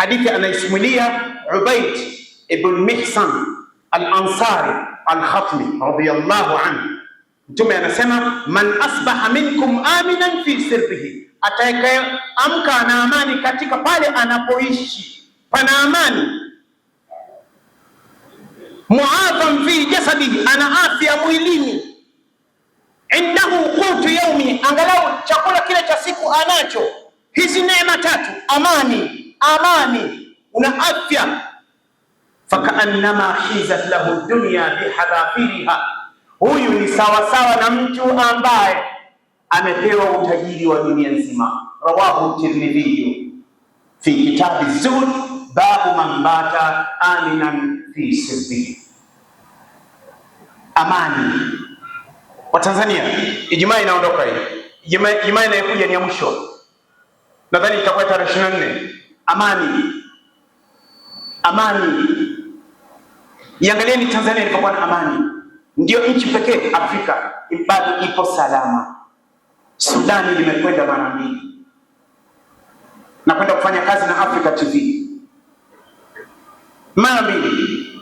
Hadithi anaisimulia Ubaid ibn Mihsan al-Ansari al-Khatmi radiyallahu anhu, Mtume anasema man asbaha minkum aminan fi sirrihi, atakayeamka ana amani katika pale anapoishi pana amani muafan fi jasadihi, ana afya mwilini, indahu qutu yaumi, angalau chakula kile cha siku anacho. Hizi neema tatu: amani amani, una afya. Fakaannama hizat lahu dunya bihadhafiriha, huyu ni sawasawa na mtu ambaye amepewa utajiri wa dunia nzima. Rawahu Tirmidhi fi kitabi zuhd babu man bata aminan fi sirri. Amani Watanzania, Ijumaa inaondoka hii, Ijumaa inayokuja ni ya mwisho, nadhani itakuwa tarehe nne amani amani Iangalieni Tanzania ilipokuwa na amani, ndio nchi pekee Afrika bado ipo salama. Sudani limekwenda mara mbili. Nakwenda kufanya kazi na Africa TV mara mbili,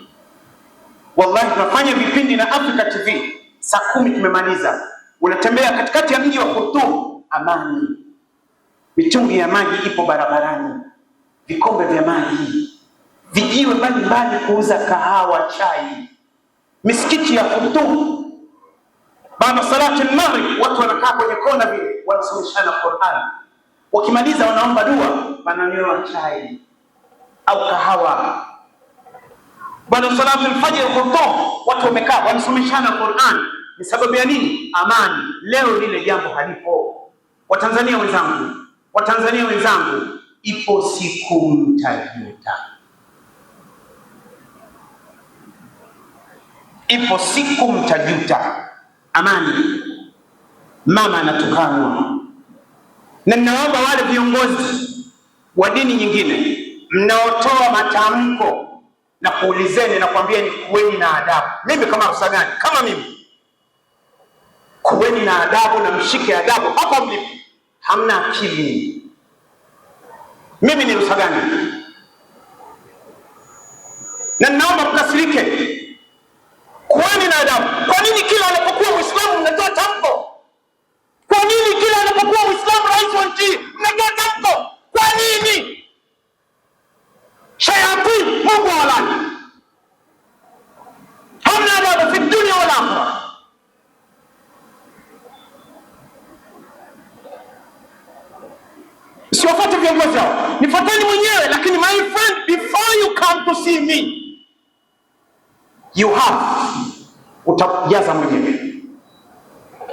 wallahi. Tunafanya vipindi na Africa TV saa kumi tumemaliza, unatembea katikati ya mji wa Khartoum, amani, mitungi ya maji ipo barabarani vikombe vya maji, vijiwe mbalimbali kuuza kahawa, chai, misikiti ya Khurtum baada salati al-maghrib, watu wanakaa kwenye kona vile wanasomeshana Qur'an, wakimaliza wanaomba dua, wananywa chai au kahawa. Baada salati al-fajr watu wamekaa wanasomeshana Qur'an. Ni sababu ya nini? Amani. Leo lile jambo halipo. Watanzania wenzangu, Watanzania wenzangu ipo siku mtajuta, ipo siku mtajuta. Amani mama anatukanwa, na ninaomba wale viongozi wa dini nyingine mnaotoa matamko na kuulizeni na kuambieni, kuweni na adabu. Mimi kama afisa gani? Kama mimi, kuweni na adabu na mshike adabu hapo mlipo, hamna akili mimi ni Rusaganya na naomba mkasirike, Kwani na adabu. Kwa nini kila anapokuwa Mwislamu mnatoa tamko? Kwa nini kila anapokuwa Mwislamu rais wa nchi mnatoa tamko? Kwa nini? shayatin Mungu awalani come to see me, you have, utajaza mwenyewe.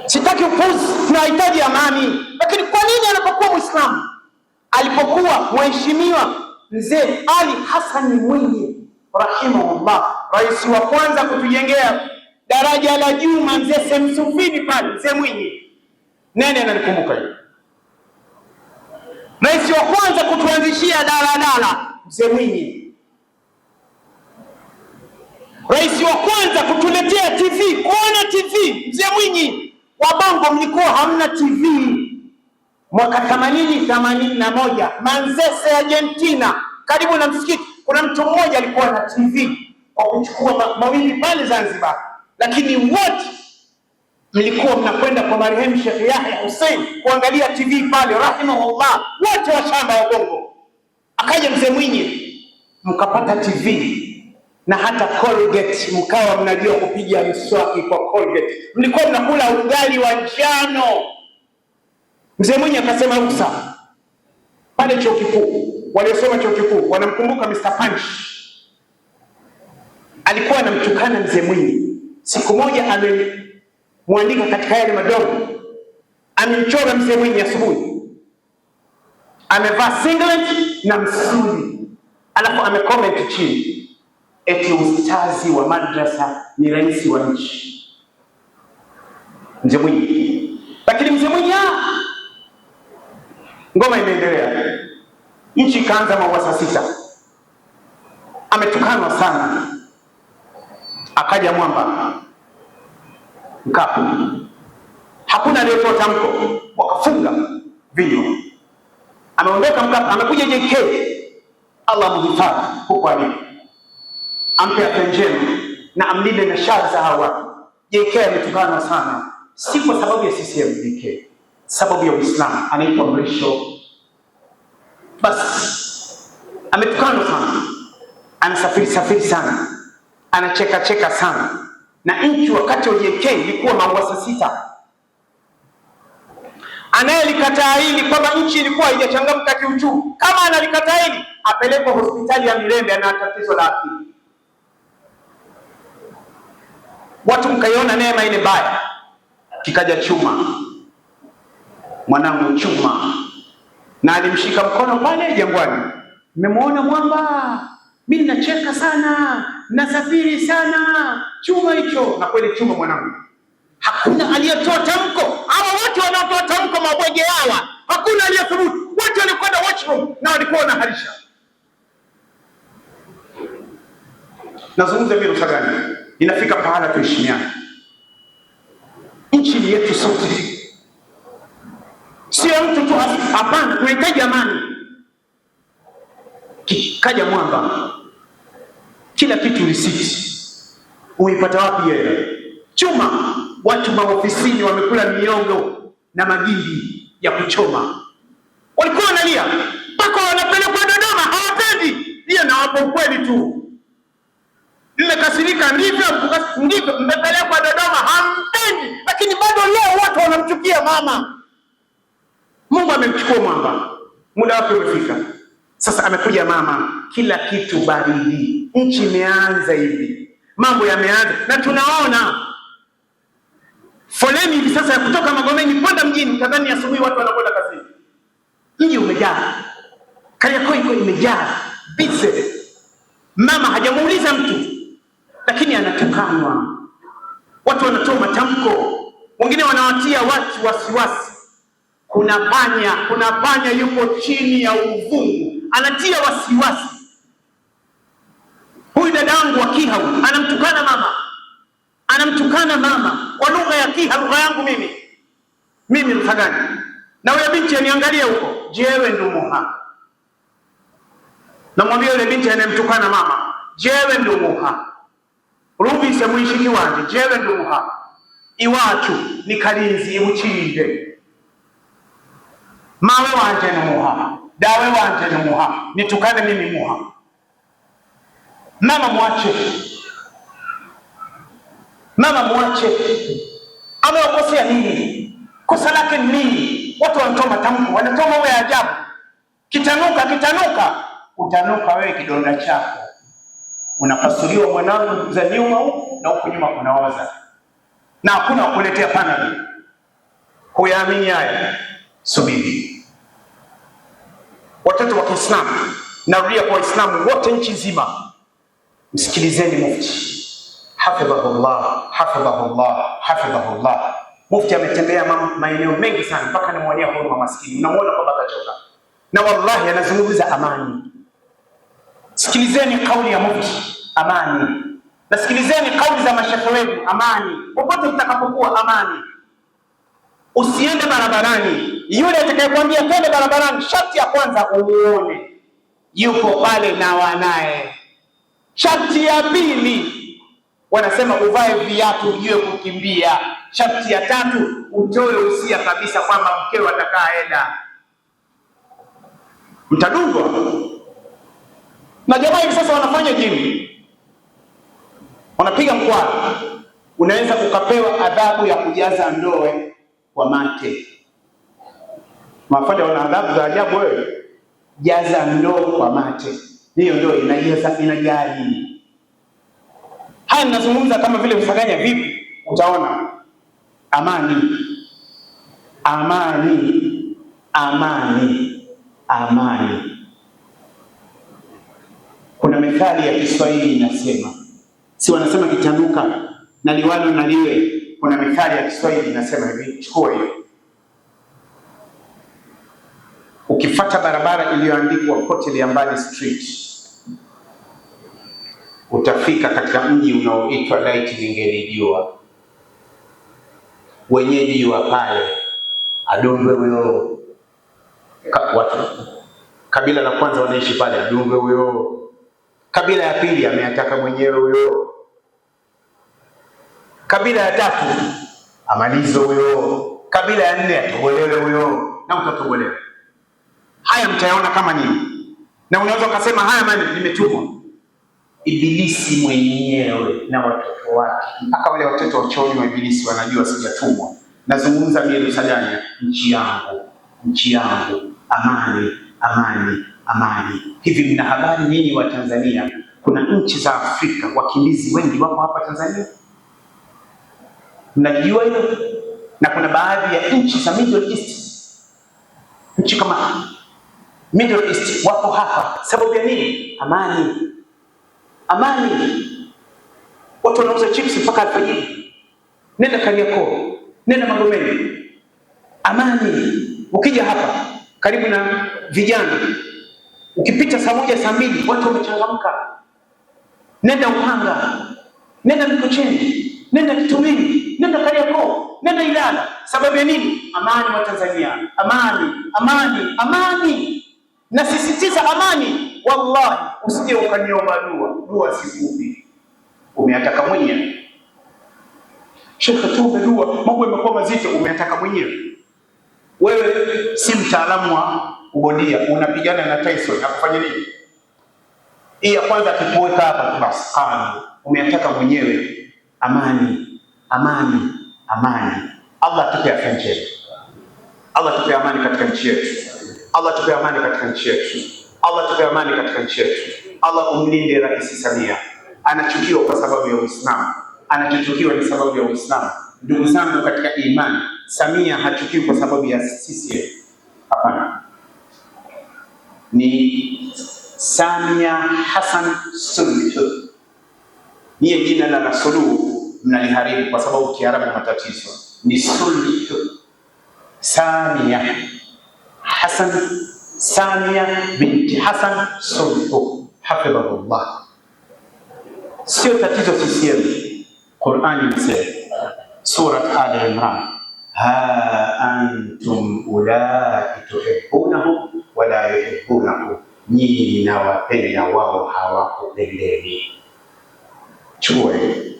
Sitaki upuzi, tunahitaji amani. Lakini kwa nini anapokuwa Mwislamu, alipokuwa mheshimiwa mzee Ali Hassan Mwinyi rahimahullah, rais wa kwanza kutujengea daraja la juu, mzee Semsufini pale, mzee Mwinyi nene ananikumbuka hiyo, rais wa kwanza kutuanzishia daladala mzee Mwinyi kuletea TV, kuona TV. Mzee Mwinyi wa Bongo, mlikuwa hamna TV mwaka na moja Manzese Argentina, karibu na msikiti, kuna mtu mmoja alikuwa na TV kwa kuchukua mawili pale Zanzibar, lakini wote mlikuwa mnakwenda kwa marehemu Sheikh Yahya Hussein kuangalia TV pale, rahimahullah, wote wa shamba ya Bongo. Akaja mzee Mwinyi mkapata TV na hata Colgate mkawa mnajua kupiga mswaki kwa Colgate. Mlikuwa mnakula ugali wa njano. Mzee mwenye akasema usa pale chuo kikuu, waliosoma chuo kikuu wanamkumbuka Mr. Punch, alikuwa anamtukana mzee Mwinyi. Siku moja amemwandika katika yale madogo, amemchora mzee Mwinyi asubuhi, amevaa singlet na msuli, alafu amecomment chini eti ustazi wa madrasa ni rais wa nchi, mzee Mwinyi. Lakini mzee Mwinyi, ah! ngoma imeendelea, nchi ikaanza mawasa sita, ametukanwa sana, akaja mwamba Mkapa, hakuna aliyetoa tamko, wakafunga vinywa. Ameondoka Mkapa, amekuja JK, Allah mhifadhi huko alipo ampe afya njema na amlinde na shari za hawa. JK ametukanwa sana, si kwa sababu ya CCM. JK sababu ya Uislamu, anaitwa Mrisho, basi ametukanwa sana, anasafiri safiri sana, anacheka cheka sana, na nchi wakati wa JK ilikuwa mauasa sita. Anayelikataa hili kwamba nchi ilikuwa haijachangamka kiuchumi, kama analikataa hili apelekwe hospitali ya Mirembe, ana tatizo la akili watu mkaiona neema ile mbaya, kikaja chuma, mwanangu chuma, na alimshika mkono pale jangwani. Mmemwona mwamba, mimi nacheka sana, nasafiri sana, chuma hicho. Na kweli chuma, mwanangu, hakuna aliyetoa tamko. Hawa wote wanaotoa tamko, mabwege hawa, hakuna aliyethubutu. Wote walikwenda washroom na walikuwa wanaharisha. Nazungumza mimi gani? inafika pahala tuheshimiane. Nchi yetu sote, sio mtu tu. Hapana, tunahitaji amani. Kaja mwamba, kila kitu risiti. Uipata wapi yeye? Chuma. Watu maofisini wamekula miongo na magimbi ya kuchoma, walikuwa wanalia mpaka wanapelekwa Dodoma, hawapendi. Hiyo nawapo ukweli tu mmekasirika, ndivyo ndivyo, mmepelekwa Dodoma, hampendi, lakini bado leo watu wanamchukia mama. Mungu amemchukua mwamba, muda wake umefika. Sasa amekuja mama, kila kitu baridi, nchi imeanza hivi, mambo yameanza na tunaona foleni hivi sasa ya kutoka Magomeni kwenda mjini, kadhani asubuhi watu wanakwenda kazini. Mji umejaa, Kariakoo iko imejaa bise. mama hajamuuliza mtu lakini anatukanwa, watu wanatoa matamko, wengine wanawatia watu wasiwasi. Kuna panya, kuna panya yupo chini ya uvungu, anatia wasiwasi. Huyu dada wa Kihau anamtukana mama, anamtukana mama kwa lugha ya Kiha, lugha yangu mimi, mimi Mhagani, na huyo binti aniangalia huko, jewe ndo namwambia yule binti anayemtukana mama, jewe ndo Rumvise mwishiki wanje jewe nduha iwacu ni Karinzi mawe wanje ni muha dawe wanje ni muha nitukane mimi muha mama mwache mama mwache amewakosea nini kosa lake ni nini watu wanatoa matamko wanatoa mawe ya ajabu kitanuka kitanuka utanuka wewe kidonda chako unapasuliwa mwanangu za nyuma huku na huku nyuma kunaoza, na hakuna kukuletea panadol. Huyaamini haya? Subiri. Watoto wa Kiislamu, narudia kwa Waislamu wote nchi nzima, msikilizeni mufti hafidhahullah, hafidhahullah, hafidhahullah. Mufti ametembea maeneo mengi sana, mpaka anamwonea huruma maskini, unamwona kwamba atachoka, na wallahi anazungumza amani Sikilizeni kauli ya mufti amani, na sikilizeni kauli za mashehe wenu amani. Popote mtakapokuwa amani, usiende barabarani. Yule atakayekwambia twende barabarani, sharti ya kwanza uuone yupo pale na wanaye. Sharti ya pili wanasema uvae viatu ujue kukimbia. Sharti ya tatu utoe usia kabisa kwamba mkeo atakaenda, mtadungwa na jamaa hivi sasa wanafanya jimu, wanapiga mkwara, unaweza ukapewa adhabu ya kujaza ndoe kwa mate. Mafanya wana adhabu za ajabu. Wewe jaza ndoo kwa mate, hiyo ndio inajaza inajali. Haya ninazungumza kama vile msaganya vipi, utaona amani, amani, amani, amani kuna methali ya Kiswahili inasema, si wanasema kitanuka na liwalo na liwe. Kuna methali ya Kiswahili inasema hivi, chukua hiyo, ukifuata barabara iliyoandikwa ya Mbali Street utafika katika mji unaoitwa laiti lingelijua, wenyeji wa pale Adombwe weo, watu kabila la kwanza wanaishi pale Adumbe huyo Kabila ya pili ameyataka mwenyewe huyo. Kabila ya tatu amalize huyo. Kabila ya nne atobolewe huyo, na utatobolewa. Haya mtayaona kama nini, na unaweza ukasema haya, maana nimetumwa. Ibilisi mwenyewe na watoto wake, mpaka wale watoto wachoni wa Ibilisi wanajua sijatumwa. Nazungumza Yerusalemu, nchi yangu, nchi yangu, amani, amani amani. Hivi mna habari nyinyi wa Tanzania, kuna nchi za Afrika wakimbizi wengi wako hapa Tanzania, mnajua hilo? Na kuna baadhi ya nchi za Middle East, nchi kama Middle East wapo hapa. Sababu ya nini? Amani, amani. Watu wanauza chips mpaka alfajiri. Nenda Kariakoo, nenda Magomeni, amani. Ukija hapa karibu na vijana Ukipita saa moja saa mbili watu wamechangamka, nenda Upanga, nenda Mikocheni, nenda Kitumini, nenda Kariakoo, nenda Ilala. Sababu ya nini? Amani wa Tanzania, amani, amani, amani. Nasisitiza amani. Wallahi, usije ukaniomba dua, dua sikupi umeataka mwenyewe. Shekhe, tuombe dua, mambo yamekuwa mazito, umeataka mwenyewe wewe si mtaalamu wa ubondia, unapigana na Tyson akufanya nini? Hii ya kwanza tukuweka hapa tu basi, umeataka mwenyewe amani, amani, amani. Allah atupe afya njema, Allah tupe amani katika nchi yetu, Allah tupe amani katika nchi yetu, Allah tupe amani katika nchi yetu. Allah umlinde Rais Samia, anachukiwa kwa sababu ya Uislamu, anachukiwa ni sababu ya Uislamu. Ndugu zangu katika imani, Samia hachukii kwa sababu ya CCM. Hapana, ni Samia Hassan Suluhu. Niye jina la Suluhu mnaliharibu kwa sababu Kiarabu matatizo ni Suluhu. Samia Hassan, Samia binti Hassan Suluhu hafidhahullah. Sio tatizo CCM, Qurani msema Surat Al Imran, ha antum ulai tuhibbunahum wala yuhibbunakum, nyinyi ninawapenda wao hawakupendeni. Chue